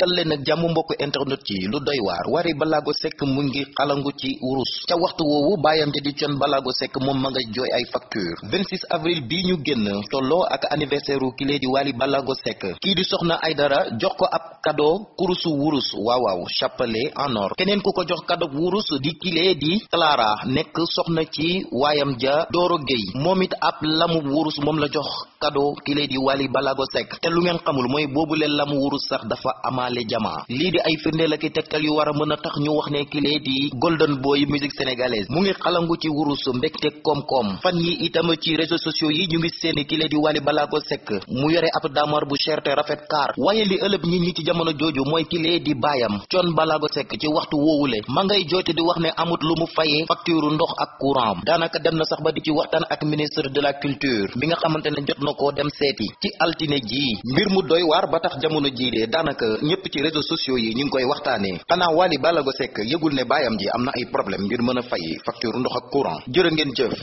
dal leen ak jàmm mbokk internet yi lu doy waar Wally Ballago Seck mu ngi xalangu ci wurus ca waxtu woowu baayam ja di Thione Ballago sekk moom ma nga jooy ay facture 26 avril bi ñu génn tolloo ak anniversaire u kile di Wally Ballago sekk kii di soxna dara jox ko ab cadeau kurusu wurus waaw waaw chapelet en or keneen ku ko jox cadeau wurus di kile di Clara nekk soxna ci waayam ja Doro Gueye moom it ab lamu wurus moom la jox cadeau kile di Wally Ballago sekk te lu ngeen xamul mooy boobu leen lamu wurus sax dafa Waly Jama lii di ay firndeel ak tegtal yu war a mën a tax ñu wax ne kilee di golden boy musique sénégalaise mu ngi xalangu ci wurusu mbégte koom-koom fan yi itam ci réseaux sociaux yi ñu ngi seeni kilee di Waly Balago Seck mu yore ab damar bu cher te rafet kaar waaye li ëlëb nit ñi ci jamono jooju mooy kilee di baayam Thione Balago Seck ci waxtu woowule ma ngay jooyte di wax ne amut lu mu fayee facture ndox ak courant daanaka dem na sax ba di ci waxtaan ak ministre de la culture bi nga xamante ne jot na koo dem seeti ci altine ñëpp ci réseaux sociaux yi ñu ngi koy waxtaanee xanaa Wally Ballago Seck yëgul ne baayam ji am na ay problème ngir mën a fay facture ndox ak courant jërë ngeen jëf